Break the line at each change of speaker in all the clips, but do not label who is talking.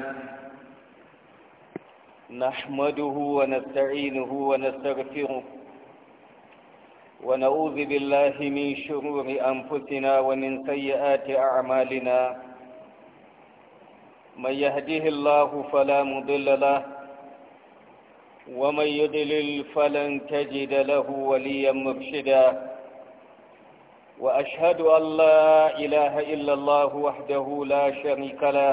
نحمده ونستعينه ونستغفره ونعوذ بالله من شرور أنفسنا ومن سيئات أعمالنا من يهده الله فلا مضل له ومن يضلل فلن تجد له وليا مرشدا وأشهد أن لا إله إلا الله وحده لا شريك له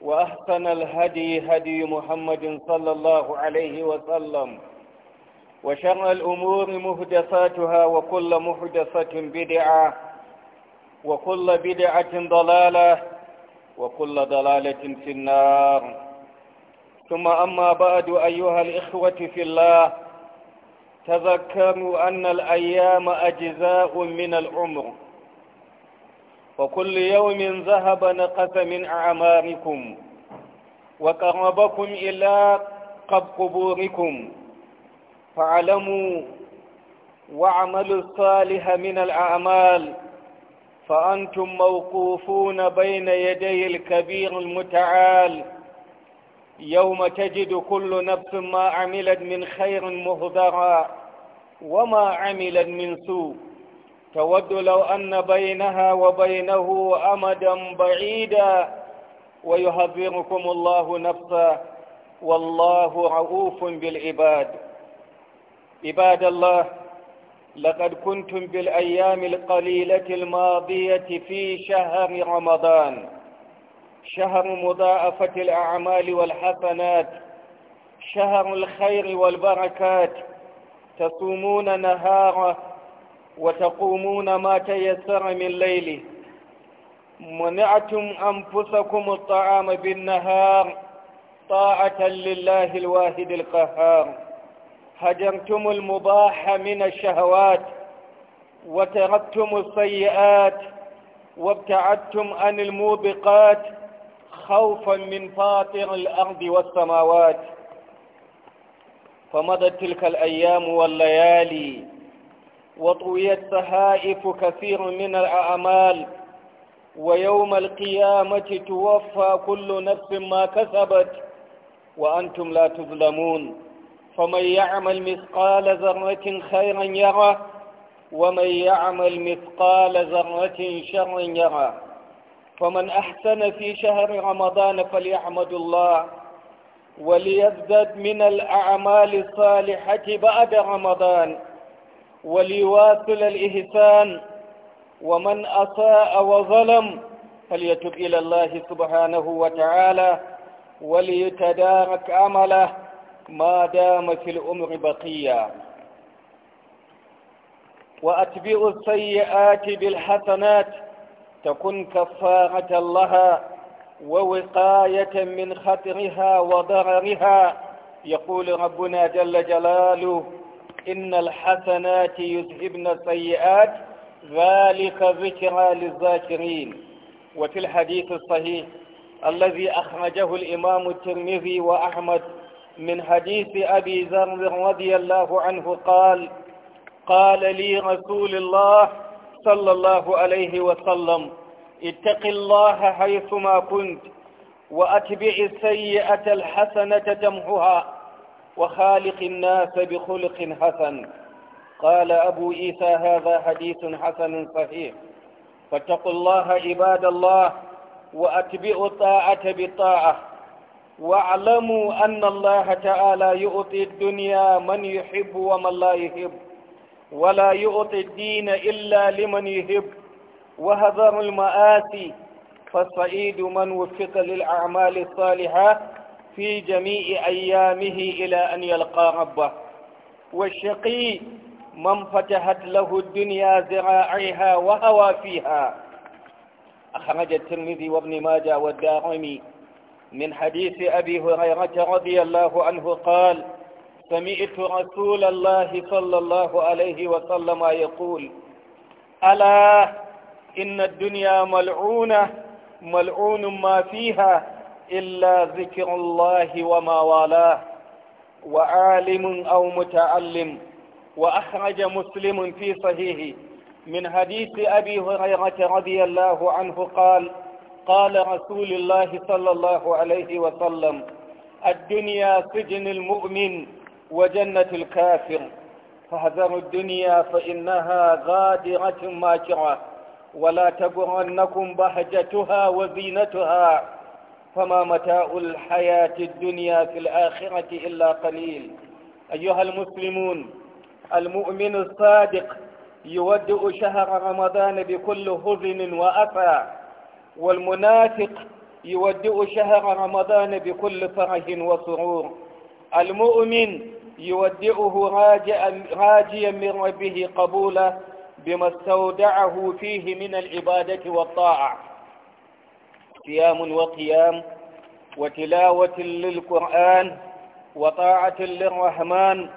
وأحسن الهدي هدي محمد صلى الله عليه وسلم وشر الأمور مهدساتها وكل مهدسة بدعة وكل بدعة ضلالة وكل ضلالة في النار ثم أما بعد أيها الإخوة في الله تذكروا أن الأيام أجزاء من العمر وكل يوم ذهب نقص من أعماركم وقربكم إلى قبوركم فاعلموا واعملوا الصالح من الأعمال فأنتم موقوفون بين يدي الكبير المتعال يوم تجد كل نفس ما عملت من خير مهدرا وما عملت من سوء تود لو أن بينها وبينه أمدا بعيدا ويحذركم الله نفسا والله رؤوف بالعباد عباد الله لقد كنتم بالأيام القليلة الماضية في شهر رمضان شهر مضاعفة الأعمال والحسنات شهر الخير والبركات تصومون نهاره وتقومون ما تيسر من ليله منعتم أنفسكم الطعام بالنهار طاعة لله الواحد القهار هجرتم المباح من الشهوات وتركتم السيئات وابتعدتم عن الموبقات خوفا من فاطر الأرض والسماوات فمضت تلك الأيام والليالي وطويت صحائف كثير من الأعمال ويوم القيامة توفى كل نفس ما كسبت وأنتم لا تظلمون فمن يعمل مثقال ذرة خيرا يره ومن يعمل مثقال ذرة شرا يره فمن أحسن في شهر رمضان فليحمد الله وليزدد من الأعمال الصالحة بعد رمضان وليواصل الإحسان ومن أساء وظلم فليتب إلى الله سبحانه وتعالى وليتدارك عمله ما دام في الأمر بقيا وأتبع السيئات بالحسنات تكن كفارة لها ووقاية من خطرها وضررها يقول ربنا جل جلاله إن الحسنات يذهبن السيئات ذلك ذكرى للذاكرين وفي الحديث الصحيح الذي أخرجه الإمام الترمذي وأحمد من حديث أبي ذر رضي الله عنه قال قال لي رسول الله صلى الله عليه وسلم اتق الله حيثما كنت وأتبع السيئة الحسنة تمحها وخالق الناس بخلق حسن قال أبو إيسى هذا حديث حسن صحيح فاتقوا الله عباد الله وأتبعوا الطاعة بالطاعة واعلموا أن الله تعالى يؤتي الدنيا من يحب ومن لا يحب ولا يؤتي الدين إلا لمن يحب وهذا المآسي فالصعيد من وفق للأعمال الصالحة في جميع أيامه إلى أن يلقى ربه والشقي من فتحت له الدنيا ذراعيها وهوى فيها أخرج الترمذي وابن ماجه والدارمي من حديث أبي هريرة رضي الله عنه قال سمعت رسول الله صلى الله عليه وسلم يقول ألا إن الدنيا ملعونة ملعون ما فيها إلا ذكر الله وما والاه وعالم أو متعلم وأخرج مسلم في صحيحه من حديث أبي هريرة رضي الله عنه قال قال رسول الله صلى الله عليه وسلم الدنيا سجن المؤمن وجنة الكافر فاحذروا الدنيا فإنها غادرة ماكرة ولا تغرنكم بهجتها وزينتها فما متاع الحياة الدنيا في الآخرة إلا قليل أيها المسلمون المؤمن الصادق يودع شهر رمضان بكل هزن وأفى والمنافق يودع شهر رمضان بكل فرح وسرور المؤمن يودعه راجيا, راجيا من ربه قبولا بما استودعه فيه من العبادة والطاعة صيام وقيام وتلاوة للقرآن وطاعة للرحمن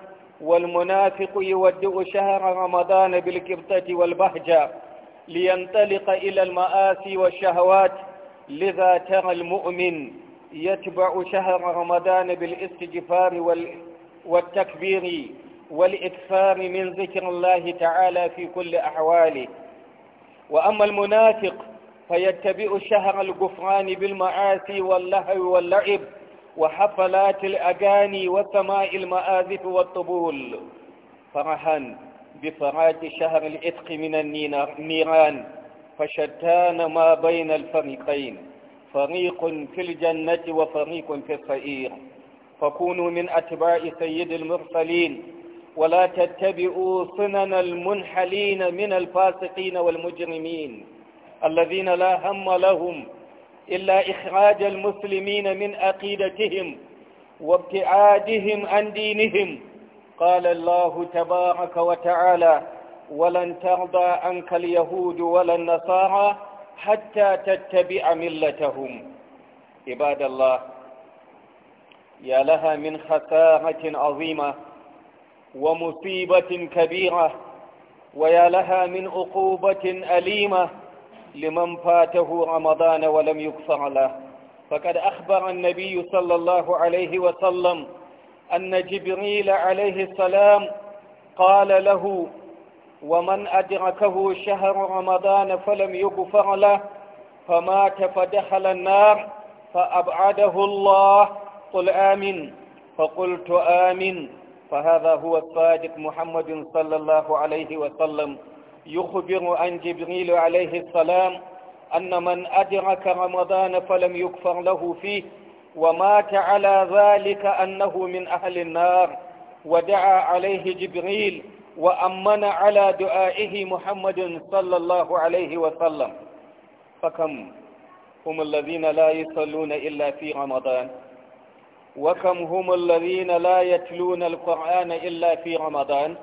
والمنافق يودع شهر رمضان بالكبتة والبهجة لينطلق إلى المآسي والشهوات لذا ترى المؤمن يتبع شهر رمضان بالاستجفار والتكبير والإكثار من ذكر الله تعالى في كل أحواله وأما المنافق فيتبع شهر الغفران بالمعاسي واللهو واللعب وحفلات الأغاني وسماء المآذف والطبول فرحا بفرات شهر الإتق من النيران فشتان ما بين الفريقين فريق في الجنة وفريق في السعير فكونوا من أتباع سيد المرسلين ولا تتبعوا سنن المنحلين من الفاسقين والمجرمين الذين لا هم لهم إلا إخراج المسلمين من عقيدتهم وابتعادهم عن دينهم قال الله تبارك وتعالى ولن ترضى عنك اليهود ولا النصارى حتى تتبع ملتهم عباد الله يا لها من خسارة عظيمة ومصيبة كبيرة ويا لها من عقوبة أليمة لمن فاته رمضان ولم يكفر له فقد أخبر النبي صلى الله عليه وسلم أن جبريل عليه السلام قال له ومن أدركه شهر رمضان فلم يكفر له فمات فدخل النار فأبعده الله قل آمن فقلت آمن فهذا هو الصادق محمد صلى الله عليه وسلم يخبر عن جبريل عليه السلام أن من أدرك رمضان فلم يكفر له فيه ومات على ذلك أنه من أهل النار ودعا عليه جبريل وأمن على دعائه محمد صلى الله عليه وسلم فكم هم الذين لا يصلون إلا في رمضان وكم هم الذين لا يتلون القرآن إلا في رمضان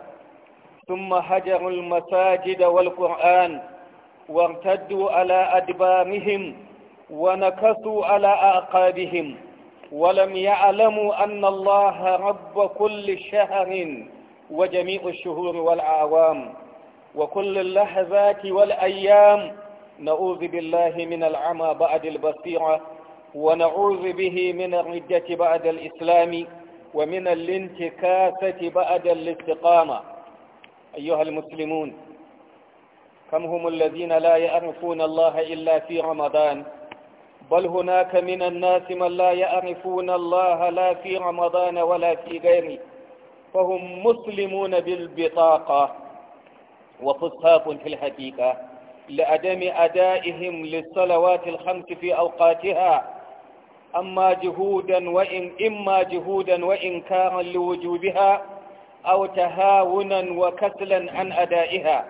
ثم هجروا المساجد والقرآن وارتدوا على أدبارهم ونكثوا على أعقابهم ولم يعلموا أن الله رب كل شهر وجميع الشهور والأعوام وكل اللحظات والأيام نعوذ بالله من العمى بعد البصيرة ونعوذ به من الردة بعد الإسلام ومن الانتكاسة بعد الاستقامة أيها المسلمون كم هم الذين لا يعرفون الله إلا في رمضان بل هناك من الناس من لا يعرفون الله لا في رمضان ولا في غيره فهم مسلمون بالبطاقة وفساق في الحقيقة لعدم أدائهم للصلوات الخمس في أوقاتها أما جهودا وإن إما جهودا وإنكارا لوجودها أو تهاونا وكسلا عن أدائها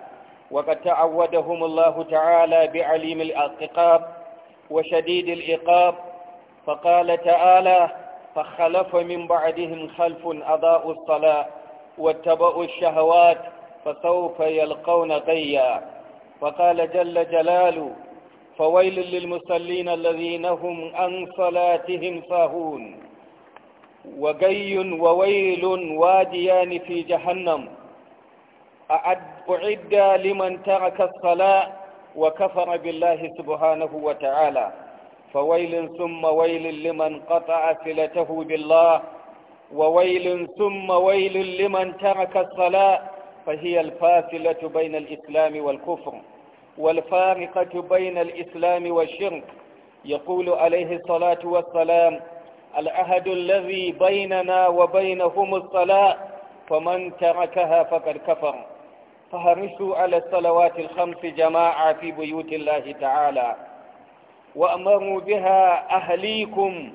وقد تعودهم الله تعالى بعليم الأقاب وشديد العقاب فقال تعالى فخلف من بعدهم خلف أضاءوا الصلاة واتبعوا الشهوات فسوف يلقون غيا فقال جل جلاله فويل للمصلين الذين هم عن صلاتهم ساهون وقي وويل واديان في جهنم أعد لمن ترك الصلاة وكفر بالله سبحانه وتعالى فويل ثم ويل لمن قطع صلته بالله وويل ثم ويل لمن ترك الصلاة فهي الفاصلة بين الإسلام والكفر والفارقة بين الإسلام والشرك يقول عليه الصلاة والسلام العهد الذي بيننا وبينهم الصلاة فمن تركها فقد كفر فهرسوا على الصلوات الخمس جماعة في بيوت الله تعالى وأمروا بها أهليكم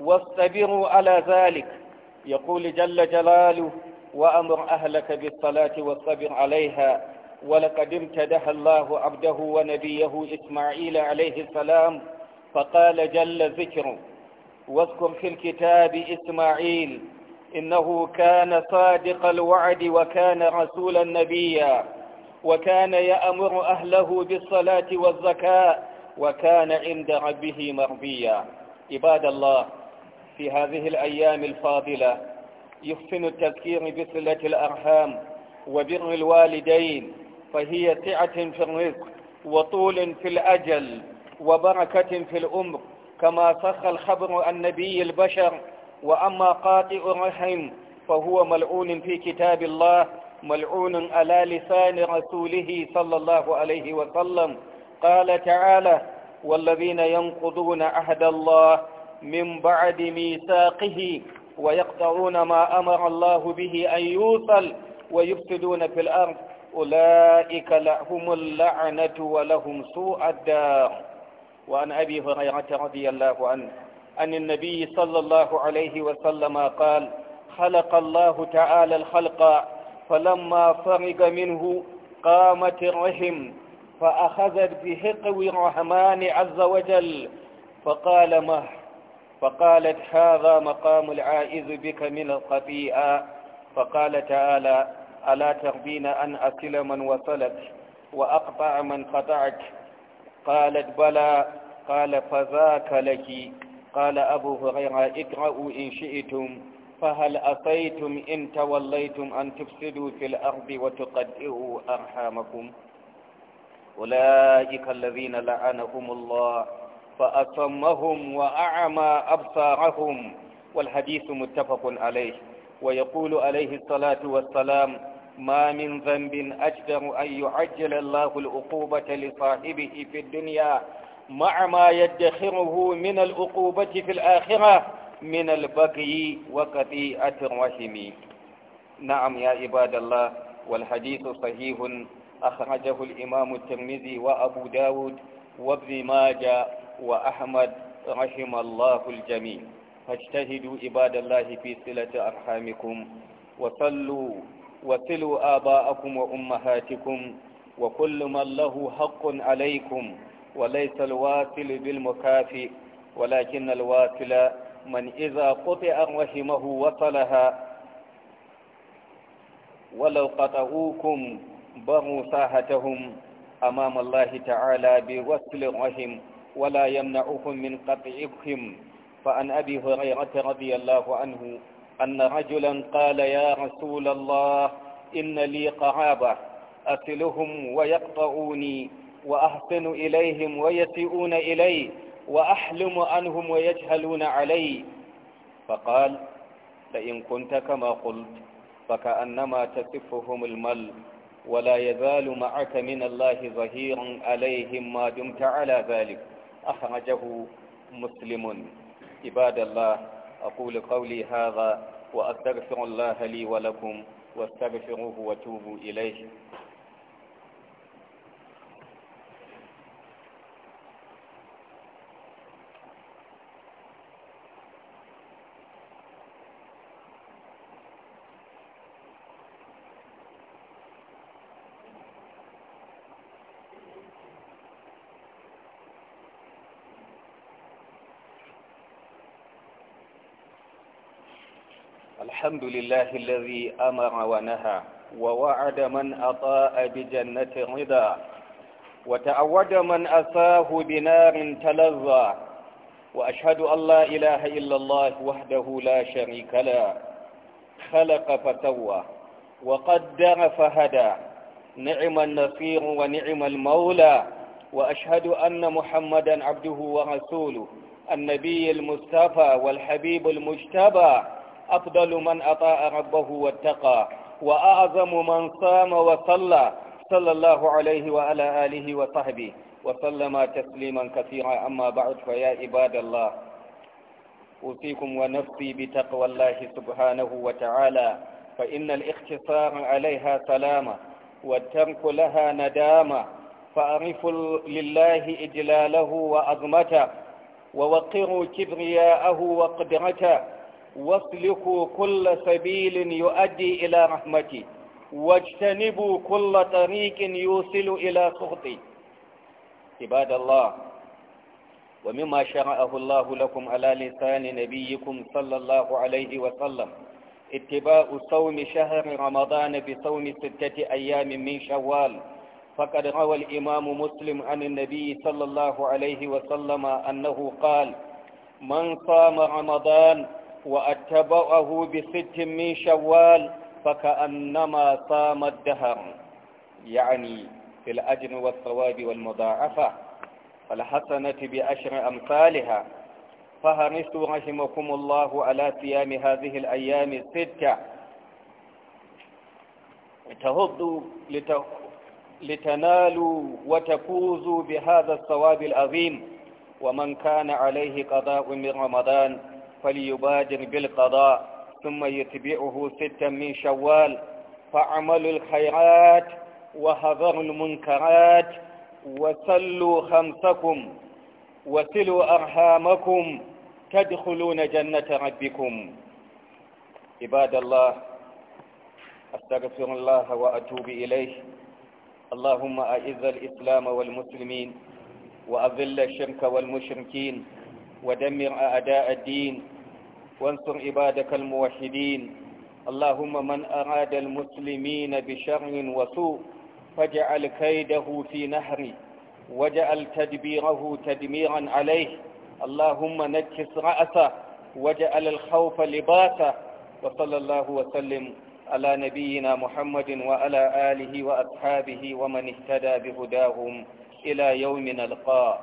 واصطبروا على ذلك يقول جل جلاله وأمر أهلك بالصلاة واصطبر عليها ولقد امتدح الله عبده ونبيه إسماعيل عليه السلام فقال جل ذكره واذكر في الكتاب إسماعيل إنه كان صادق الوعد وكان رسولا نبيا وكان يأمر أهله بالصلاة والزكاة وكان عند ربه مربيا عباد الله في هذه الأيام الفاضلة يحسن التذكير بصلة الأرحام وبر الوالدين فهي سعة في الرزق وطول في الأجل وبركة في الأمر كما صخ الخبر عن نبي البشر وأما قاطع رحم فهو ملعون في كتاب الله ملعون على لسان رسوله صلى الله عليه وسلم قال تعالى والذين ينقضون عهد الله من بعد ميثاقه ويقطعون ما أمر الله به أن يوصل ويفسدون في الأرض أولئك لهم اللعنة ولهم سوء الدار وعن أبي هريرة رضي الله عنه أن النبي صلى الله عليه وسلم قال خلق الله تعالى الخلق فلما فرغ منه قامت الرحم فأخذت بحقو الرحمن عز وجل فقال مه فقالت هذا مقام العائذ بك من الخطيئة فقال تعالى ألا تربين أن أكل من وصلت وأقطع من قطعك قالت بلى قال فذاك لك قال أبو هريرة اقرأوا إن شئتم فهل أتيتم إن توليتم أن تفسدوا في الأرض وتقدئوا أرحامكم أولئك الذين لعنهم الله فأصمهم وأعمى أبصارهم والحديث متفق عليه ويقول عليه الصلاة والسلام ما من ذنب أجدر أن يعجل الله العقوبة لصاحبه في الدنيا مع ما يدخره من العقوبة في الآخرة من البقي وقطيعة الرحم نعم يا عباد الله والحديث صحيح أخرجه الإمام الترمذي وأبو داود وابن ماجة وأحمد رحم الله الجميع فاجتهدوا عباد الله في صلة أرحامكم وصلوا وتلوا آباءكم وأمهاتكم وكل من له حق عليكم وليس الْوَاسِلُ بالمكافئ ولكن الْوَاسِلَ من إذا قطع رحمه وصلها ولو قطعوكم بروا ساحتهم أمام الله تعالى بوصل الرحم ولا يمنعكم من قطعكم فعن أبي هريرة رضي الله عنه أن رجلا قال يا رسول الله إن لي قرابة أسلهم ويقطعوني وأحسن إليهم ويسيئون إلي وأحلم عنهم ويجهلون علي فقال لئن كنت كما قلت فكأنما تسفهم المل ولا يزال معك من الله ظهيرا عليهم ما دمت على ذلك أخرجه مسلم عباد الله أقول قولي هذا وأستغفر الله لي ولكم واستغفروه وتوبوا إليه الحمد لله الذي أمر ونهى ووعد من أطاء بجنة رضا وتعود من أساه بنار تلظى وأشهد أن لا إله إلا الله وحده لا شريك له خلق فسوى وقدر فهدى نعم النصير ونعم المولى وأشهد أن محمدا عبده ورسوله النبي المصطفى والحبيب المجتبى أفضل من أطاع ربه واتقى وأعظم من صام وصلى صلى الله عليه وعلى آله وصحبه وسلم تسليما كثيرا أما بعد فيا عباد الله أوصيكم ونفسي بتقوى الله سبحانه وتعالى فإن الاختصار عليها سلامة والترك لها ندامة فأعرف لله إجلاله وعظمته ووقروا كبرياءه وقدرته واسلكوا كل سبيل يؤدي إلى رحمتي واجتنبوا كل طريق يوصل إلى سخطي عباد الله ومما شرعه الله لكم على لسان نبيكم صلى الله عليه وسلم اتباع صوم شهر رمضان بصوم ستة أيام من شوال فقد روى الإمام مسلم عن النبي صلى الله عليه وسلم أنه قال من صام رمضان وأتبعه بست من شوال فكأنما صام الدهر يعني في الأجر والثواب والمضاعفة فالحسنة بأشر أمثالها فهرسوا رحمكم الله على صيام هذه الأيام الستة تهضوا لت... لتنالوا وتفوزوا بهذا الثواب العظيم ومن كان عليه قضاء من رمضان فليبادر بالقضاء ثم يتبعه ستا من شوال فاعملوا الخيرات وهذروا المنكرات وسلوا خمسكم وسلوا أرحامكم تدخلون جنة ربكم عباد الله أستغفر الله وأتوب إليه اللهم أعز الإسلام والمسلمين وأذل الشرك والمشركين ودمر أعداء الدين وانصر عبادك الموحدين اللهم من أراد المسلمين بشر وسوء فاجعل كيده في نهره وجعل تدبيره تدميرا عليه اللهم نكس رأسه وجعل الخوف لباسه وصلى الله وسلم على نبينا محمد وعلى آله وأصحابه ومن اهتدى بهداهم إلى يوم نلقاه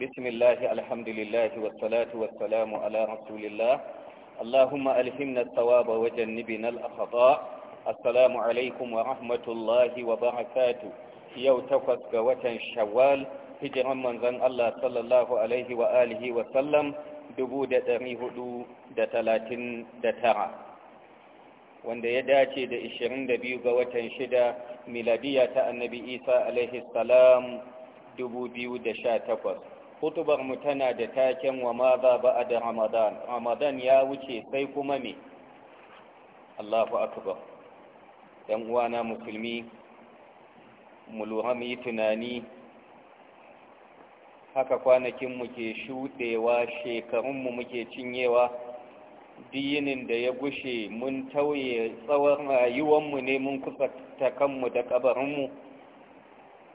بسم الله الحمد لله والصلاة والسلام على رسول الله اللهم ألهمنا الثواب وجنبنا الأخطاء السلام عليكم ورحمة الله وبركاته يو تفس وتن شوال hijiran manzan Allah sallallahu Alaihi wa alihi wasallam tara, wanda ya dace da 22 ga watan shida miladiya ta annabi Isa alaihi salam takwas. hutubar mu tana da taken wa ma za ba a da ramadan ramadan ya wuce sai kuma me allahu akbar yan uwana musulmi mu lura muyi tunani haka kwanakinmu ke shuɗewa shekarunmu muke cinyewa Dinin da ya gushe mun tauye tsawon rayuwanmu ne mun kusa ta kanmu da ƙabarinmu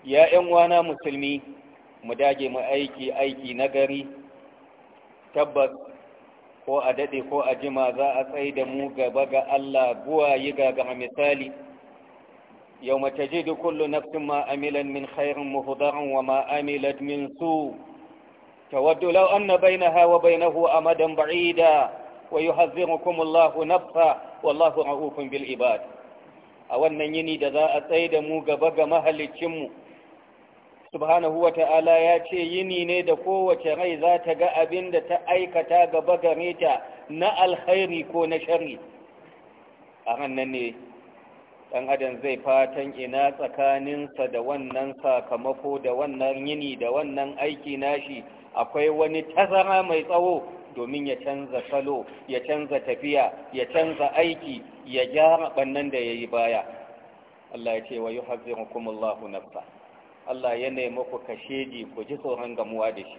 ya 'yan uwana musulmi mu dage mu aiki aiki na gari tabbas ko a daɗe ko a jima za a tsaye da mu gaba ga Allah guwa ga ga misali yau mace ji da kullu nafsin ma amilan min khairin muhudarin wa ma amilat min su tawaddu law anna bainaha wa bainahu amadan ba'ida wa yuhazzirukum Allahu nafsa wallahu ra'ufun bil ibad a wannan yini da za a tsaye da mu gaba ga mahalicin mu subhanahu wa ta'ala ya ce yini ne da kowace rai za ta ga abin da ta aikata gaba gare ta na alkhairi ko na shari a hannun ne ɗan adam zai fatan ina tsakaninsa da wannan sakamako da wannan yini da wannan aiki nashi akwai wani tazara mai tsawo domin ya canza salo ya canza tafiya ya canza aiki ya gyara ɓannan da ya yi baya Allah ya ce wa yi hazirin kuma Allah nafsa Allah ya nemi ku kashedi ku ji tsoron gamuwa da shi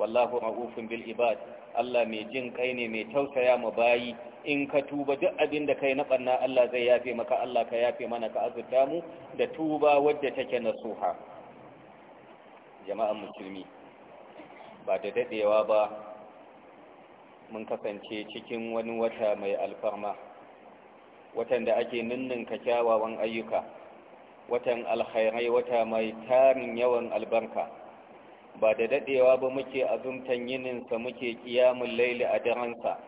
wallahu ra'ufun bil ibad Allah mai jin kai ne mai tausaya mu bayi in ka tuba duk abin da kai na banna Allah zai yafe maka Allah ka yafe mana ka azurta mu da tuba wadda take nasuha jama'an musulmi ba da dadewa ba mun kasance cikin wani wata mai alfarma watan da ake ninnin kyawawan ayyuka watan alkhairai wata mai tarin yawan albarka ba da dadewa ba muke azumtan yininsa muke kiyamun laili a daransa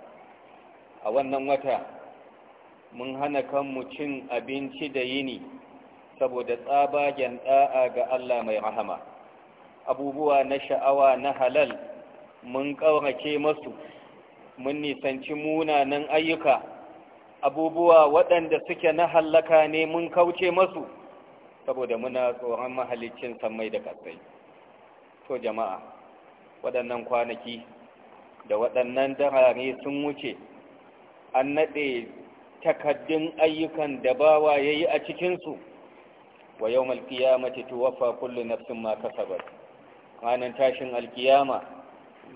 a wannan wata mun hana kanmu cin abinci da yini saboda tsabagen da'a ga Allah mai rahama abubuwa na sha'awa na halal mun ƙaurake masu mun nisanci munanan ayyuka abubuwa waɗanda suke na hallaka ne mun kauce masu saboda muna tsoron mahalicin sammai da kasai to jama'a waɗannan kwanaki da waɗannan darare sun wuce an naɗe takaddun ayyukan da bawa ya yi a cikinsu wa yau ce tuwafa na nafsin ma kasabar ranar tashin alkiyama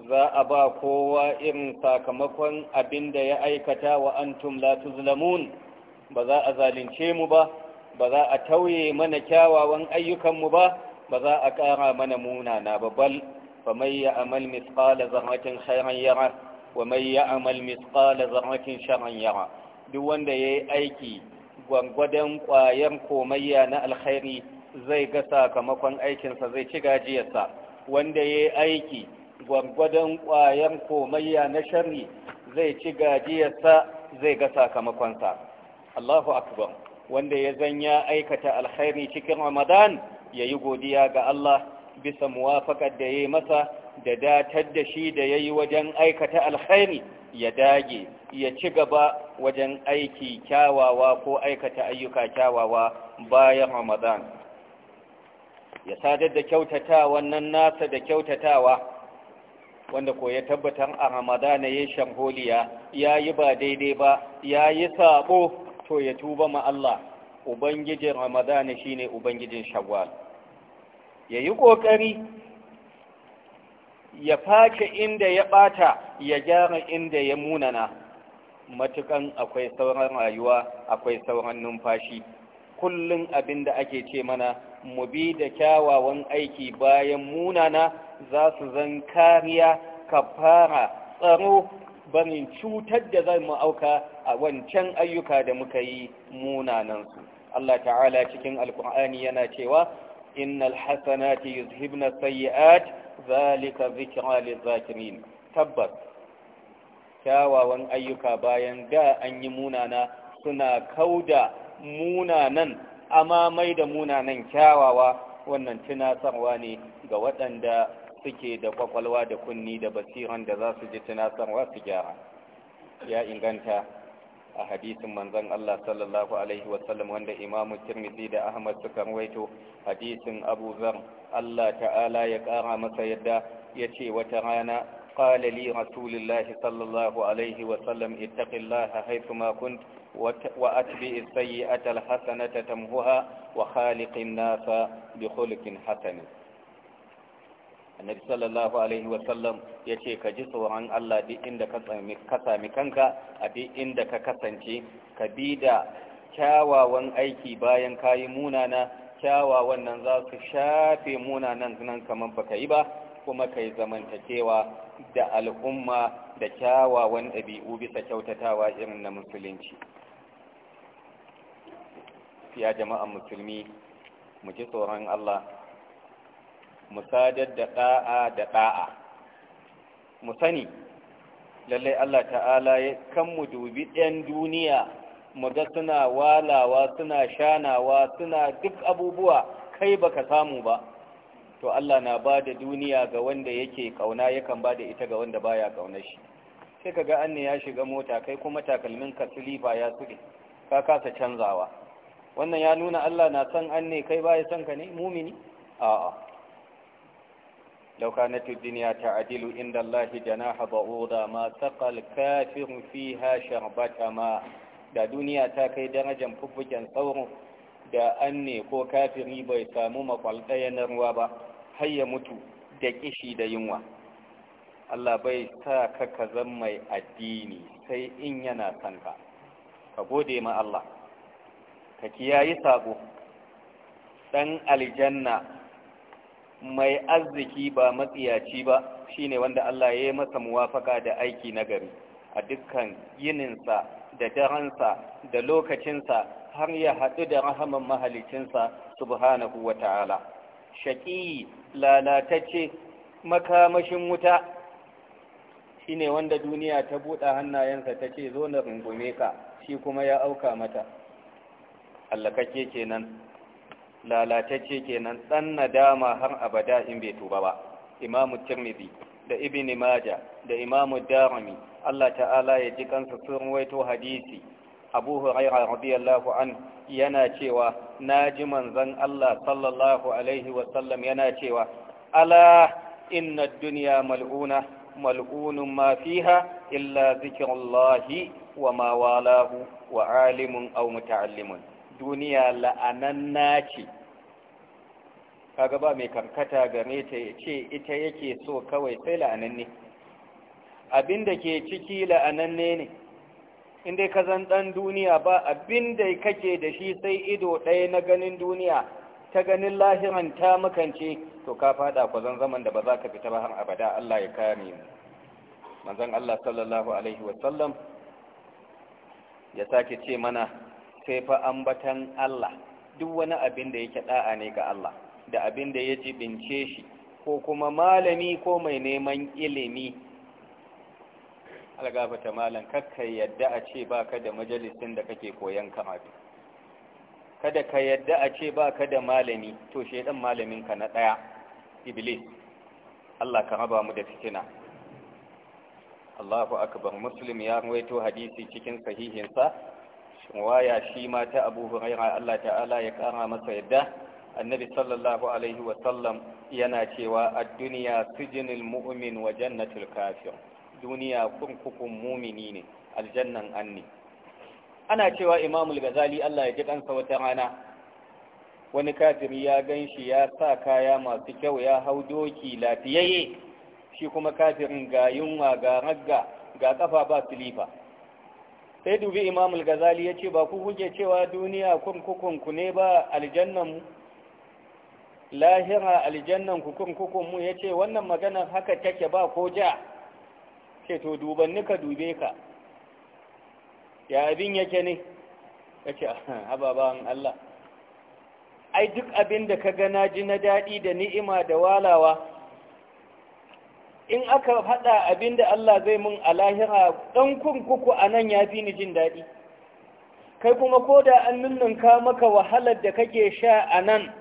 za a ba kowa irin sakamakon abin da ya aikata wa antum la tuzlamun ba za a zalunce mu ba ba za a tauye mana kyawawan ayyukanmu ba ba za a ƙara mana munana babbal fa mai ya amal misƙala zarratin khairan yara wa mai ya amal misƙala zarratin sharan yara duk wanda ya yi aiki gwangwadon ƙwayar komayya na alkhairi zai ga sakamakon aikinsa zai ci gajiyarsa wanda ya yi aiki gwangwadon ƙwayar komayya na shari zai ci gajiyarsa zai ga sakamakonsa Allahu akbar wanda ya zanya aikata alkhairi cikin ramadan ya yi godiya ga Allah bisa muwafakar da ya yi masa da datar da shi da ya yi wajen aikata alkhairi ya dage ya ci gaba wajen aiki kyawawa ko aikata ayyuka kyawawa bayan ramadan ya sadar da kyautata wannan nasa da kyautatawa wanda ko ya tabbatar a ramadana ya holiya ya yi ba daidai ba ya yi sabo to ya tuba ma Allah ubangijin ramadana shine ubangijin shawwal ya yi ƙoƙari ya face inda ya ɓata ya gyara inda ya munana matukan akwai sauran rayuwa akwai sauran numfashi kullum abinda da ake ce mana mu bi da kyawawan aiki bayan munana za su zan kariya kafara tsaro barin cutar da zai mu auka a wancan ayyuka da muka yi munanansu Allah ta'ala cikin alkur'ani yana cewa innal hasanati yuzhibna sayyi'at zalika zikra lizakirin tabbas kyawawan ayyuka bayan da an yi munana suna kauda munanan amamai da munanan kyawawa wannan tunasarwa ne ga waɗanda suke da kwakwalwa da kunni da basiran da za su ji tunasarwa su gyara ya inganta a hadisin manzon Allah sallallahu alaihi wasallam wanda Imam Tirmidhi da Ahmad suka hadisin Abu Zar Allah ta'ala ya kara masa yadda ya ce wata rana qala li rasulillahi sallallahu alaihi wasallam ittaqillaha haythuma kunt wa atbi as hasanata tamhuha wa khaliqin nasa bi khuluqin hasanin annabi sallallahu alaihi wasallam ya ce ka ji tsoron Allah duk inda ka sami kanka a duk inda ka kasance ka bi da kyawawan aiki bayan kayi munana kyawawan nan za su shafe munanan nan kamar baka yi ba kuma kai zamantakewa da al'umma da kyawawan ɗabi'u bisa kyautatawa irin na musulunci ya jama'an musulmi mu ji tsoron Allah musadar da ɗa'a da ɗa'a mu sani lallai Allah ta'ala ya kan mu dubi ɗan duniya mu ga suna walawa suna shanawa suna duk abubuwa kai baka samu ba to Allah na ba da duniya ga wanda yake kauna yakan ba da ita ga wanda baya kauna shi sai kaga anne ya shiga mota kai kuma takalmin ka silifa ya sude ka kasa canzawa wannan ya nuna Allah na san anne kai baya san ka ne mumini a'a لو كانت الدنيا تعدل عند الله جناح بعوضة ما سقى الكافر فيها شربة ماء da duniya ta kai darajar fufuken sauro da an ne ko kafiri bai samu makwalɗaya na ruwa ba har ya mutu da kishi da yunwa Allah bai sa ka ka zan mai addini sai in yana son ka ka gode ma Allah ka kiyayi sabo ɗan aljanna mai arziki ba matsiyaci ba shine wanda Allah ya yi masa muwafaka da aiki na gari, a dukkan yininsa da daransa da lokacinsa har ya haɗu da rahaman mahalicinsa subhanahu wa ta'ala shaƙi lalatacce makamashin wuta shine wanda duniya ta buɗa hannayensa ta ce zo na rungume ka shi kuma ya auka mata allakake kenan lalatacce kenan dan nadama har abada in bai tuba ba imamu tirmidhi da ibn maja da imamu darami Allah ta'ala ya ji kansa sun waito hadisi abu huraira radiyallahu an yana cewa naji manzon Allah sallallahu alaihi wa sallam yana cewa ala inna ad-dunya mal'una mal'unun ma fiha illa zikrullahi wa ma walahu wa alimun aw muta'allimun duniya la'ananna ce kaga ba mai karkata game ta ce ita yake so kawai sai la'ananne abinda ke ciki la'ananne ne inda ka zan ɗan duniya ba abinda kake da shi sai ido ɗaya na ganin duniya ta ganin lahiran ta makance to ka fada ku zan zaman da ba za ka fita ba har abada Allah ya kame mu manzon Allah sallallahu alaihi wasallam ya sake ce mana sai fa ambatan Allah duk wani abin da yake da'a ne ga Allah da abin da ya jibince shi ko kuma malami ko mai neman ilimi algafata malam kakka yadda a ce baka da majalisin da kake koyan karatu kada ka yadda a ce baka da malami to dan malamin ka na daya iblis Allah ka raba mu da fitina Allahu akbar muslim ya rawaito hadisi cikin sahihinsa waya shi ma ta abu huraira Allah ta'ala ya kara masa yadda annabi sallallahu alaihi wasallam yana cewa a duniya sijinil mu'min wa jannatul kafir duniya kurkukun mumini ne aljannan anni ana cewa imamul gazali Allah ya ji kansa wata rana wani kafiri ya gan shi ya sa kaya masu kyau ya hau doki lafiyayye shi kuma kafirin ga yunwa ga ragga ga kafa ba silifa sai dubi imam al-gazali ya ce ba ku kuke cewa duniya kurkukunku ne ba aljannanmu lahira aljannanku kurkukunmu ya ce wannan maganar haka take ba ko ja ce to dubanni ka dube ka ya abin yake ne ya ce ababen Allah ai duk abin da ka gana ji na daɗi da ni'ima da walawa in aka faɗa abinda Allah zai mun a lahira ɗan kurkuku a nan ya fi ni jin daɗi kai kuma ko da an nunnunka maka wahalar da kake sha a nan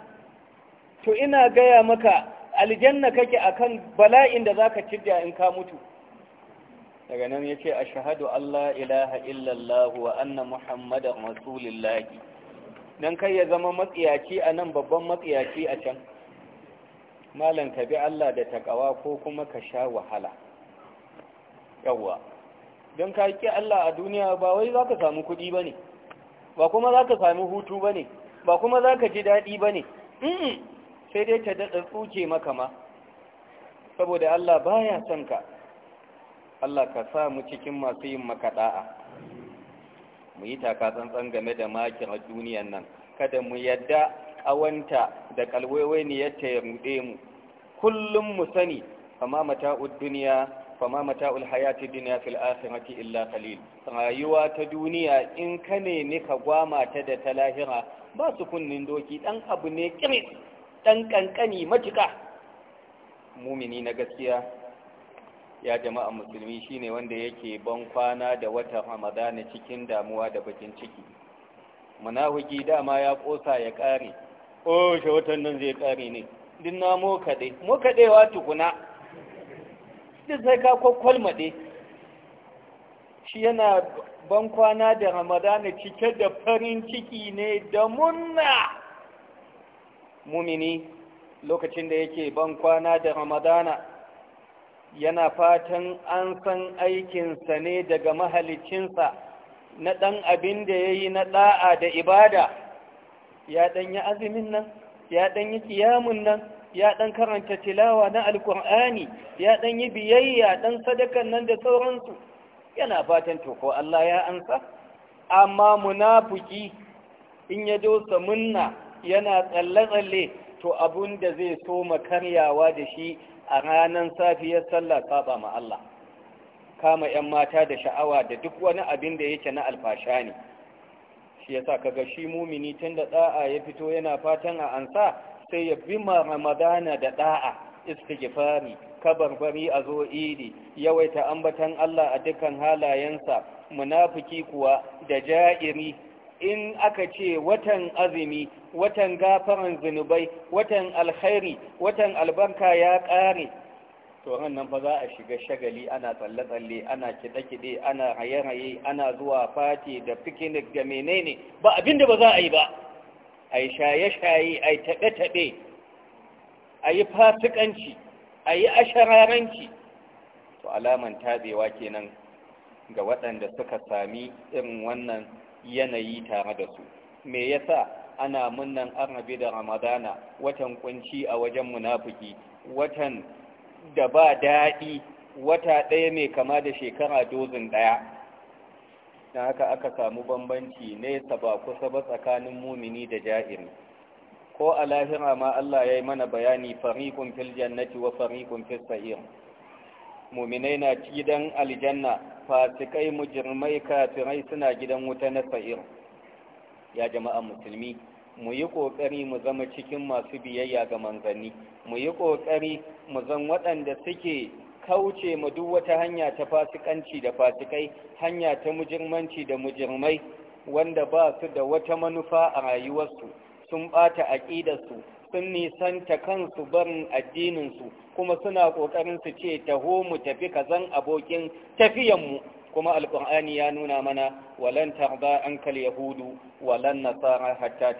to ina gaya maka aljanna kake akan bala'in da zaka ka in ka mutu daga nan ya ce a shahadu Allah ilaha illallahu wa anna muhammadan rasulillahi don kai ya zama matsiyaci a nan babban matsiyaci a can malam ka bi Allah da takawa ko kuma ka sha wahala yawwa don ka ƙi Allah a duniya ba wai za ka samu kuɗi ba ne ba kuma za ka sami hutu ba ne ba kuma za ka ji daɗi ba ne sai dai ta daɗa tsuke maka ma saboda Allah baya son ka Allah ka sa mu cikin masu yin maka mu yi taka tsantsan game da makin a duniyan nan kada mu yadda kawanta da ne ya ruɗe mu kullum mu sani fama mata'ud duniya fama mata'ul hayati duniya fil akhirati illa qalil rayuwa ta duniya in ka ne ne ka gwama ta da ta lahira ba su kunnin doki dan abu ne kire, dan kankani matuka mumini na gaskiya ya jama'a musulmi shine wanda yake ban kwana da wata ramadana cikin damuwa da bakin ciki munahuki dama ya kosa ya kare o watan nan zai kare ne din na mo mo kaɗewa tukuna duk sai ka kwakwal maɗe shi yana ban kwana da ramadana cike da farin ciki ne da munna mumini lokacin da yake ban kwana da ramadana yana fatan an san aikinsa ne daga mahalicinsa na ɗan abin da ya yi na ɗa'a da ibada ya ɗan yi azumin nan ya ɗan yi kiyamun nan ya ɗan karanta tilawa na alkur'ani ya ɗan yi biyayya ɗan sadakan nan da sauransu yana fatan toko Allah ya ansa amma munafuki in ya dosa munna yana tsalle-tsalle to abun da zai so karyawa da shi a ranar safiyar sallah saba ma Allah kama 'yan mata da sha'awa da duk wani abin da yake na alfasha ne shi yasa kaga shi mumini tunda da'a ya fito yana fatan a ansa sai ya bi ramadana da da'a istighfari kabarbari a zo idi yawaita ambatan Allah a dukkan halayensa munafiki kuwa da ja'iri in aka ce watan azumi watan gafaran zunubai watan alkhairi watan albarka ya kare to nan fa za a shiga shagali ana tsalle-tsalle ana kide-kide ana haye-haye ana zuwa fati da picnic da menene ba abin ba za a yi ba a yi shaye-shaye a yi taɓe-taɓe a yi fasikanci a yi ashararanci to alaman tabewa kenan ga waɗanda suka sami irin wannan yanayi tare da su me yasa ana munnan arabe da ramadana watan kunci a wajen munafiki watan da ba daɗi wata ɗaya mai kama da shekara dozin ɗaya na haka aka samu bambanci nesa ba kusa ba tsakanin mumini da ja'iri ko a lahira ma Allah ya yi mana bayani farikun fil jannati wa farikun fil sa'ir muminai na gidan aljanna fasikai mujirmai kafirai suna gidan wuta na sa'ir ya jama'an musulmi mu yi ƙoƙari mu zama cikin masu biyayya ga manzanni mu yi ƙoƙari mu zan waɗanda suke kauce ma duk wata hanya ta fasikanci da fasikai hanya ta mujirmanci da mujirmai wanda ba su da wata manufa a rayuwarsu sun ɓata aƙidarsu sun nisanta kansu barin addininsu kuma suna ƙoƙarin su ce taho mu tafi kazan abokin tafiyanmu kuma alqur'ani ya nuna mana walan tarda kal yahudu walan nasara hatta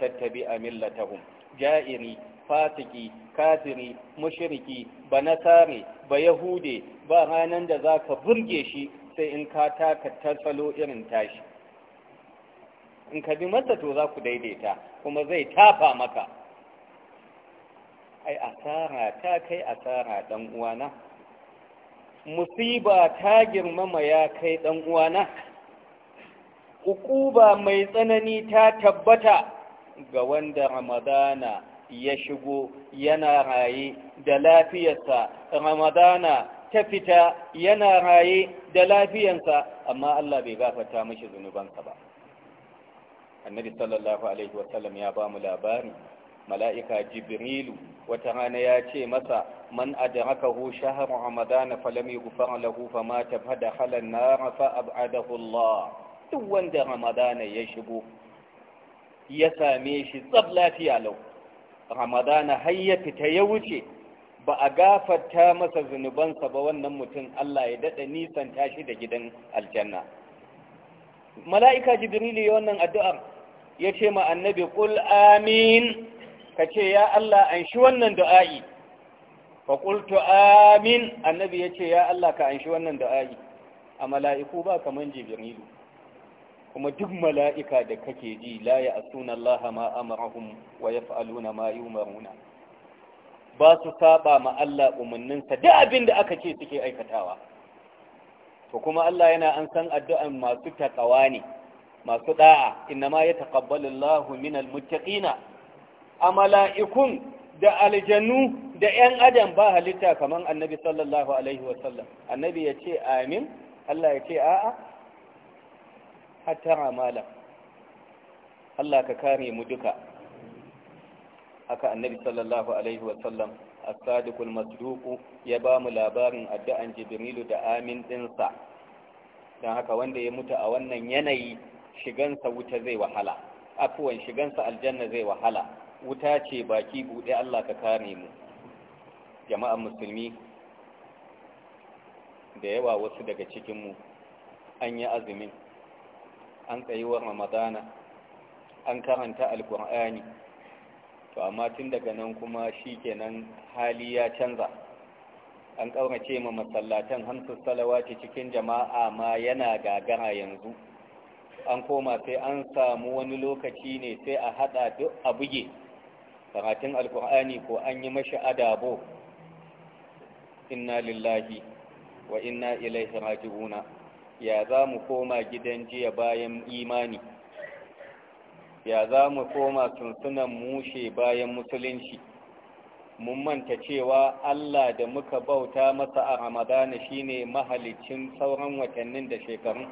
a millatahum ja'iri fasiki kafiri mushriki ba nasari, ba yahude ba ranan da zaka burge shi sai in ka taka tasalo irin tashi in ka bi masa to za ku daidaita kuma zai tafa maka ai asara ta kai asara ɗan uwana musiba ta girmama ya kai ɗan uwana mai tsanani ta tabbata ga wanda ramadana ya shigo yana raye da lafiyarsa ramadana ta fita yana raye da lafiyarsa amma Allah bai gafata mashi zunubansa ba annabi sallallahu alaihi wasallam ya ba mu labari mala'ika jibrilu wata rana ya ce masa man adrakahu shahru ramadan falam yughfar lahu fama tabada halan nar fa ab'adahu Allah duk wanda ramadan ya shigo ya same shi tsab lafiya lau ramadan har ya fita ya wuce ba a gafarta masa zunubansa ba wannan mutum Allah ya daɗe nisan tashi da gidan aljanna mala'ika jibrilu ya wannan addu'ar ya ce ma annabi qul amin ka ce ya Allah an shi wannan du'a'i faƙultu amin annabi ya ce ya Allah ka an shi wannan du'a'i a mala'iku ba kaman jibrilu kuma duk mala'ika da kake ji la a sunan Allah ma amarahum wa ya fa'aluna ma yi ba su saba ma Allah umarninsa da abin da aka ce suke aikatawa to kuma Allah yana an san addu'an masu taƙawa ne masu ɗa'a inna ma ya taƙabbalin lahu minal mutaƙina a mala'ikun da aljanu da ‘yan adam ba halitta kamar annabi sallallahu Alaihi wasallam annabi ya ce amin Allah ya ce a'a hatta amala Allah ka kare mu duka haka annabi sallallahu Alaihi wasallam as-sadiqul ya ba mu labarin addu'an jibrilu da amin dinsa don haka wanda ya mutu a wannan yanayi shigansa wuta zai wahala afuwan shigansa aljanna zai wahala wuta ce baki buɗe Allah ka kare mu jama'an musulmi da yawa wasu daga cikinmu an yi azumin an tsayuwar ramadana an karanta alkur'ani to amma tun daga nan kuma shi kenan hali ya canza an ƙaurace ma masallatan hamsin salawati cikin jama'a ma yana gagara yanzu an koma sai an samu wani lokaci ne sai a hada duk a buge karatun alkur'ani ko an yi mashi adabo inna lillahi wa inna ilaihi raji'una ya za mu koma gidan jiya bayan imani ya za mu koma tuntunan mushe bayan musulunci mun manta cewa Allah da muka bauta masa a ramadana shine mahalicin sauran watannin da shekarun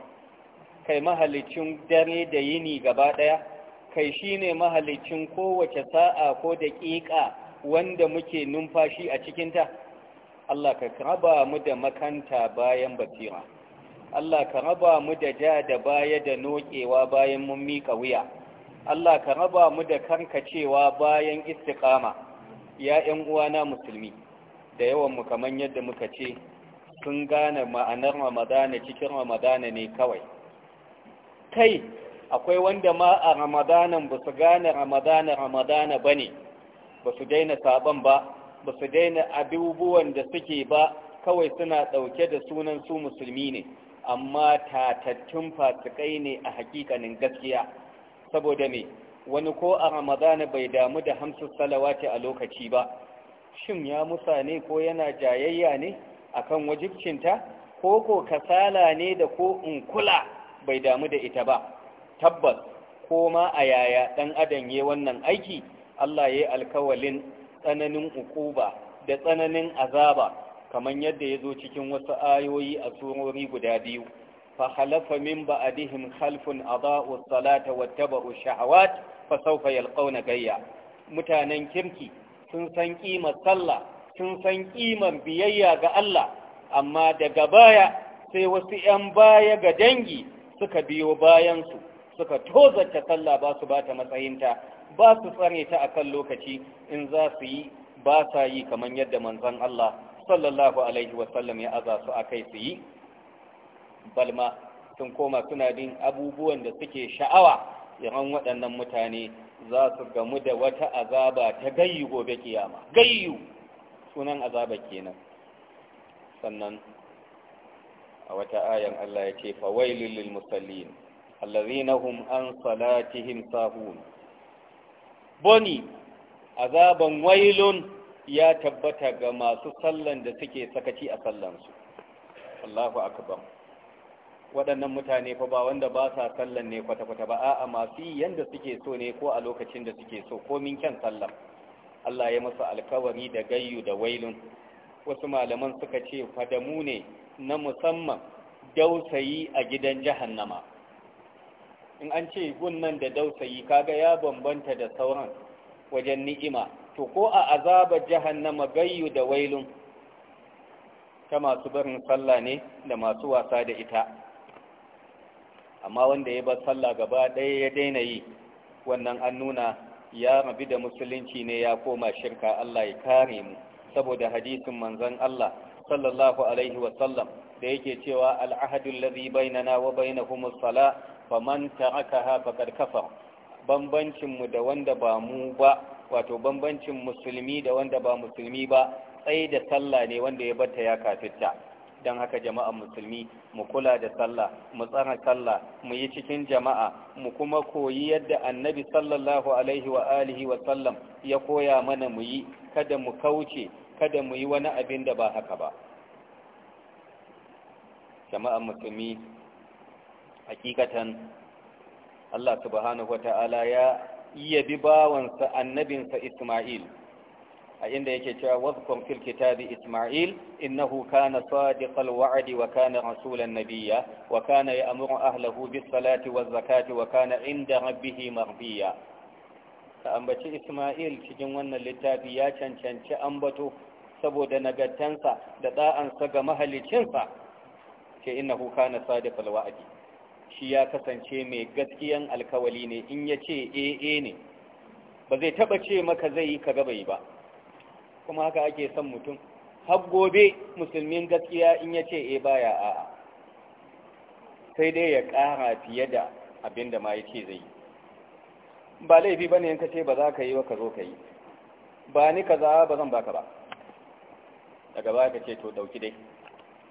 kai mahalicin dare da yini gaba ɗaya kai ne mahalicin kowace sa'a ko daƙiƙa wanda muke numfashi a cikinta Allah ka raba mu da makanta bayan basira Allah ka raba mu da ja da baya da noƙewa bayan mun miƙa wuya Allah ka raba mu da karkacewa bayan istiƙama, ya yan uwana musulmi da yawan mu kamar yadda muka ce sun gane ma'anar Ramadana cikin Ramadana ne kawai kai akwai wanda ma a ramadanan ba su gane ramadana ramadana ba ne ba su daina saban ba ba su daina abubuwan da suke ba kawai suna ɗauke da sunan su musulmi ne amma tatattun fasikai ne a hakikanin gaskiya saboda me wani ko a ramadana bai damu da hamsu salawati a lokaci ba shin ya musa ne ko yana jayayya ne akan wajibcinta ko ko kasala ne da ko in kula bai damu da ita ba tabbas ko ma a yaya ɗan adam ya wannan aiki Allah ya yi alkawalin tsananin ukuba da tsananin azaba kamar yadda ya zo cikin wasu ayoyi a surori guda biyu fa halafa min ba'dihim khalfun adaa'u salata wattaba'u shahawat fa sawfa yalqawna gayya mutanen kirki sun san kimar sallah sun san kimar biyayya ga Allah amma daga baya sai wasu 'yan baya ga dangi suka biyo bayan su suka tozarta sallah ba su bata matsayinta ba su tsare ta a kan lokaci in za su yi ba sa yi kamar yadda manzan Allah sallallahu alaihi wasallam ya aza su a kai su yi balma sun koma suna bin abubuwan da suke sha'awa yawan waɗannan mutane za su gamu da wata azaba ta gayyu gobe kiyama gayyu sunan azaba kenan sannan a wata ayan Allah ya ce fawailul lil musallin الذين an عن صلاتهم ساهون بني azaban ya tabbata ga masu sallan da suke sakaci a sallansu Allahu akbar waɗannan mutane fa ba wanda ba sa sallan ne kwata-kwata ba a'a masu yanda suke so ne ko a lokacin da suke so ko min kyan sallan Allah ya masa alkawari da gayyu da wailun wasu malaman suka ce fadamu ne na musamman dausayi a gidan jahannama in an ce gun nan da dausayi kaga ya bambanta da sauran wajen ni'ima to ko a azaba jahannama gayyu da wailun ta masu barin sallah ne da masu wasa da ita amma wanda ya bar sallah gaba ɗaya ya daina yi wannan an nuna ya rabi da musulunci ne ya koma shirka Allah ya kare mu saboda hadisin manzon Allah sallallahu alaihi sallam da yake cewa al'ahadul ladhi bainana wa bainahumus sala faman aka faqad kafar bambancinmu da wanda ba mu ba wato bambancin musulmi da wanda ba musulmi ba tsaye da sallah ne wanda ya bata ya kafita don haka jama'an musulmi mu kula da sallah mu tsara sallah mu yi cikin jama'a mu kuma koyi yadda annabi sallallahu alaihi wa alihi wa sallam ya koya mana mu yi kada mu kauce kada mu yi wani abin da ba haka ba jama'an musulmi hakikatan Allah subhanahu wata'ala ya iya bi bawansa annabinsa Ismail a inda yake cewa wasu fil kitabi Ismail innahu kana sadiqal wa'di wa kana rasulan nabiyya wa kana ya'muru ahlihi bis salati waz zakati wa kana inda rabbih marbiya ka ambaci Ismail cikin wannan littafi ya cancanci ambato saboda nagartansa da da'ansa ga mahalicinsa ke innahu kana sadiqal wa'adi shi ya kasance mai gaskiyan alkawali ne in ya ce aa eh, eh, ne ba zai taba ce maka zai yi ka gabai ba kuma haka ake son mutum har gobe musulmin gaskiya in ya ce eh, A baya a'a sai dai ya ƙara fiye da abin da ma ya ce zai yi ba laifi ba ne in ka ce ba za ka yi wa ka zo ka yi ba ni kaza ba zan baka ba daga ba ka ce to ɗauki dai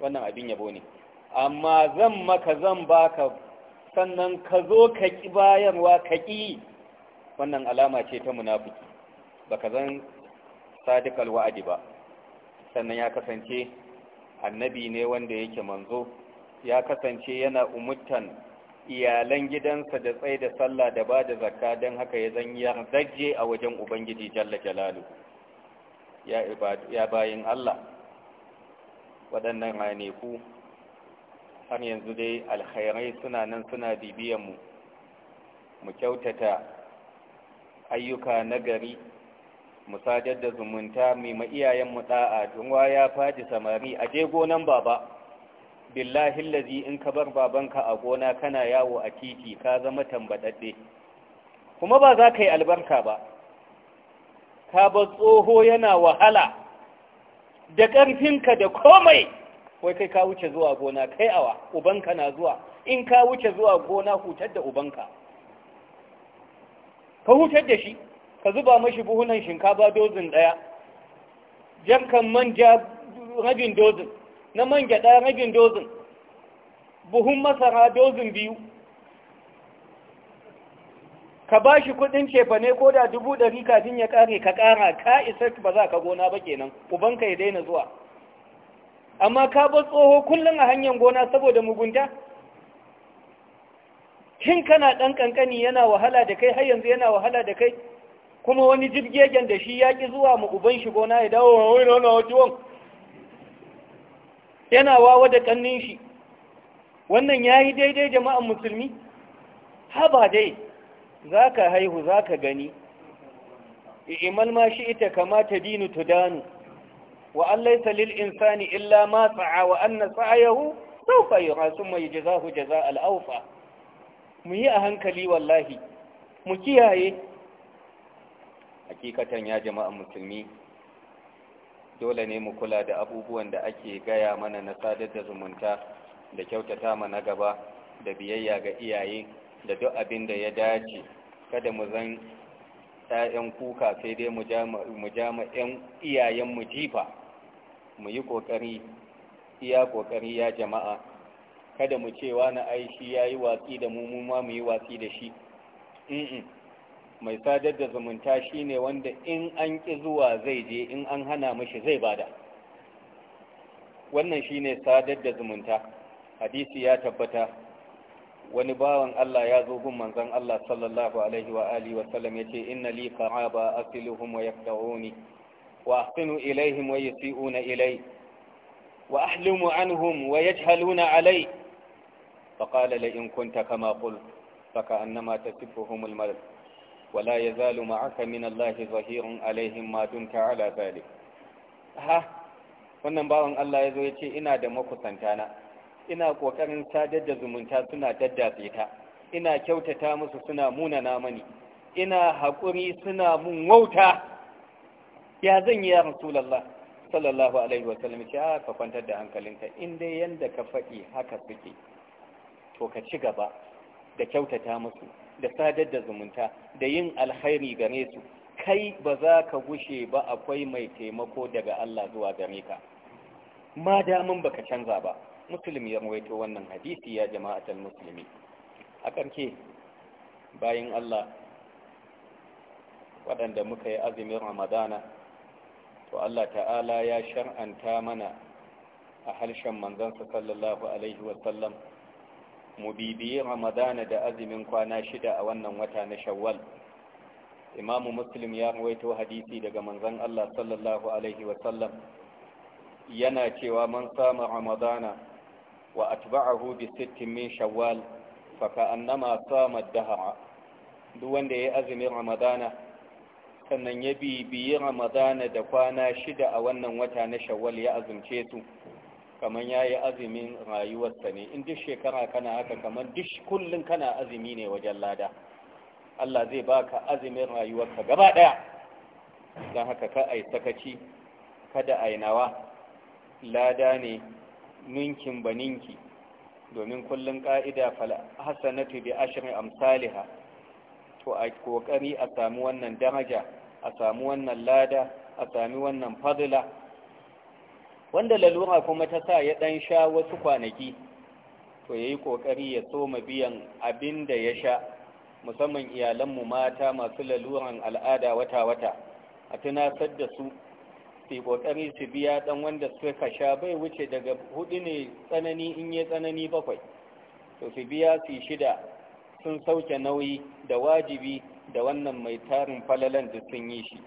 wannan abin yabo ne amma zan maka zan baka sannan ka zo ka ƙi bayarwa ka ƙi wannan alama ce ta munafuki. ba ka zan sadikal wa'adi ba sannan ya kasance annabi ne wanda yake manzo ya kasance yana umurtan iyalan gidansa da tsaye da sallah da ba da zakka don haka ya zan yardaje a wajen ubangiji jalla jalalu ya bayin Allah waɗannan rane har yanzu dai alkhairai suna nan suna bibiyanmu mu kyautata ayyuka nagari mu sadar da zumunta mai ma mu da'a dunwa ya faji samari a je gonan baba billahi lazi in ka bar babanka a gona kana yawo a titi ka zama tambadadde kuma ba za ka yi albarka ba ka ba tsoho yana wahala da ƙarfinka da komai wai kai ka wuce zuwa gona kai awa ubanka na zuwa in ka wuce zuwa gona hutar da ubanka ka hutar da shi ka zuba mashi buhunan shinkafa dozin daya jankan manja rabin dozin na manja daya rabin dozin buhun masara dozin biyu ka ba shi kudin cefane ko da dubu ɗari kafin ya kare ka kara ka isa ba za ka gona ba kenan ubanka ya daina zuwa amma ka bar tsoho kullum a hanyar gona saboda mugunta shin kana ɗan ƙanƙani yana wahala da kai har yanzu yana wahala da kai kuma wani jirgegen da shi ya zuwa mu uban shi gona ya dawo wa wani wani wani yana wawa da ƙannin shi wannan ya yi daidai jama'an musulmi haba dai za ka haihu za ka gani imal ma shi ita kamata dinu tudanu wa an laysa lil insani illa ma sa'a wa anna sa'ayahu sawfa yura thumma yujzahu al awfa mu yi a hankali wallahi mu kiyaye hakikatan ya jama'a musulmi dole ne mu kula da abubuwan da ake gaya mana na sadar da zumunta da kyautata mana gaba da biyayya ga iyaye da duk abin da ya dace kada mu zan 'ya'yan kuka sai dai mu jama 'yan iyayen mu jifa mu yi ƙoƙari iya ƙoƙari ya jama'a kada mu ce wani aishi ya yi watsi da mu ma mu yi watsi da shi mai sadar da zumunta ne wanda in an ƙi zuwa zai je in an hana mashi zai bada wannan ne sadar da zumunta hadisi ya tabbata wani bawan Allah ya zo gun manzan Allah sallallahu alaihi wa alihi wa sallam yace inna li qaraba asiluhum wa yaqta'uni وأحسن إليهم ويسيئون إليه وأحلم عنهم ويجهلون علي فقال لئن كنت كما قلت فكأنما تسفهم المرض ولا يزال معك من الله ظهير عليهم ما دمت على ذلك ها wannan bawan Allah ya zo ya ce ina da makusantana ina ƙoƙarin sadar da zumunta suna daddatse ta ina kyautata musu suna muna mani. ina haƙuri suna mun wauta ya zan yi ya rasulallah sallallahu alaihi wa sallam ce ah, ka kwantar da hankalinka in dai yanda ka faɗi haka suke to ka ci gaba da kyautata musu da sadar da zumunta da yin alkhairi gare su kai ba za ka gushe ba akwai mai taimako daga Allah zuwa gare ka ma mun baka canza ba musulmi ya rawaito wannan hadisi ya jama'atul musulmi a karke bayan Allah waɗanda muka yi azumin Ramadana to Allah ta'ala ya shar'anta mana a harshen manzansa sallallahu alaihi wasallam mu bibiyi ramadana da azumin kwana shida a wannan wata na shawwal imamu muslim ya rawaito hadisi daga manzan Allah sallallahu alaihi wasallam yana cewa man sama ramadana wa atba'ahu bi sittin min shawwal fa ka'annama sama ad duk wanda yi azumin ramadana sannan ya bibiyi ramadana da kwana shida a wannan wata na shawwal ya azumce su kamar ya yi azumin rayuwarsa ne in duk shekara kana haka kamar duk kullum kana azumi ne wajen lada Allah zai baka azumin rayuwarka gaba ɗaya don haka ka a yi sakaci kada a yi nawa lada ne ninkin baninki domin kullum ƙa'ida fal hasanatu bi ashirin amsaliha to a kokari a sami wannan daraja a sami wannan lada a sami wannan fadila wanda lalura kuma ta sa ya ɗan sha wasu kwanaki to ya yi ƙoƙari ya soma biyan abin da ya sha musamman iyalanmu mata masu laluran al'ada wata-wata a tunasar da su su ƙoƙari su biya dan wanda suka sha bai wuce daga hudu ne tsanani in yi tsanani bakwai to su biya su shida sun sauke nauyi da wajibi da wannan mai tarin falalan da sun yi shi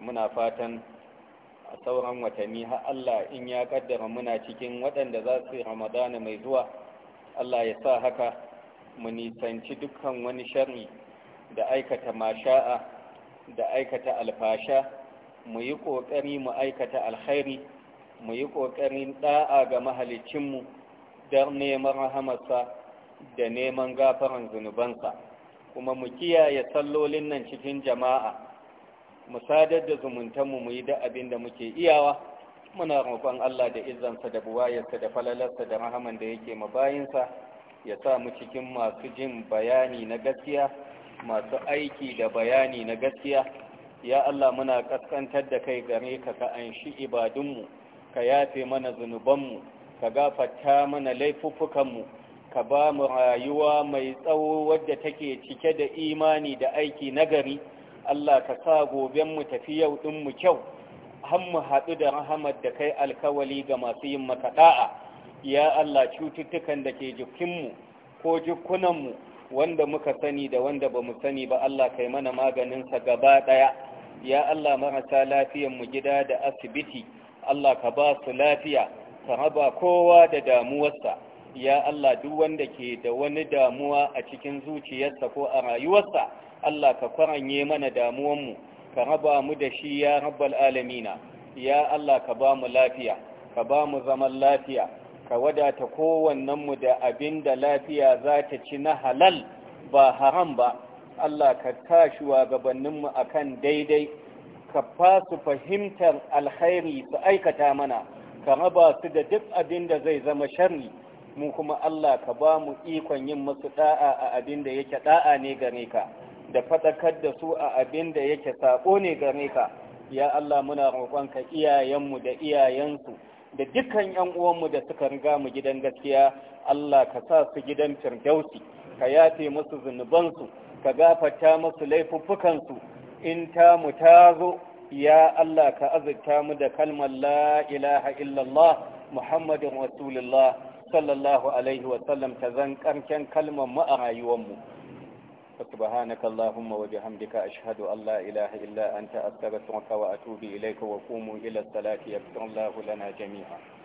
muna fatan a sauran watanni har Allah in ya kaddara muna cikin waɗanda za su yi ramadana mai zuwa Allah ya sa haka mu nisanci dukkan wani shari da aikata masha'a da aikata alfasha mu yi ƙoƙari mu aikata alkhairi mu yi ƙoƙarin ɗa'a ga mahalicinmu don neman rahamarsa da neman gafaran zunubansa kuma mu kiyaye sallolin nan cikin jama'a mu sadar da zumuntanmu mu yi da abin da muke iyawa muna roƙon Allah da izansa da buwayarsa da falalarsa da rahaman da yake mabayinsa ya sa mu cikin masu jin bayani na gaskiya masu aiki da bayani na gaskiya ya Allah muna kaskantar da kai gare ka ka anshi ibadunmu ka yafe mana zunubanmu ka gafata mana laifuffukanmu ka ba mu rayuwa mai tsawo wadda take cike da imani da aiki nagari Allah ka sa goben mu tafi yau din mu kyau har mu haɗu da rahamar da kai alkawali ga masu yin maka da'a ya Allah cututtukan da ke jikinmu ko jikunanmu wanda muka sani da wanda ba mu sani ba Allah kai mana maganinsa gaba ɗaya ya Allah marasa mu gida da asibiti Allah ka ba su lafiya ka raba kowa da damuwarsa ya Allah duk wanda ke da wani damuwa a cikin zuciyarsa ko a rayuwarsa Allah ka kwaranye mana damuwanmu ka raba mu da shi ya rabbal alamina ya Allah ka ba mu lafiya ka ba mu zaman lafiya ka wadata mu da abin da lafiya za ta ci na halal ba haram ba Allah ka tashi wa gabaninmu akan daidai ka fasu fahimtar alkhairi su aikata mana ka raba su da duk abin da zai zama sharri mu kuma Allah ka ba mu ikon yin musu da'a a abin da yake da'a ne gare ka da fadakar da su a abin da yake sako ne gare ka ya Allah muna roƙon ka iyayenmu da iyayensu da dukkan yan uwanmu da suka riga mu gidan gaskiya Allah ka sa su gidan firdausi ka yafe musu zunubansu ka gafarta musu su in ta mu ta zo ya Allah ka azurta mu da kalmar la ilaha illallah Muhammadin Rasulullah sallallahu alaihi wasallam ka zan karken kalmar mu a rayuwarmu subhanaka allahumma wa bihamdika ashhadu an la ilaha illa anta astaghfiruka wa atubu ilayka wa mu ila salati yaghfir lana jami'an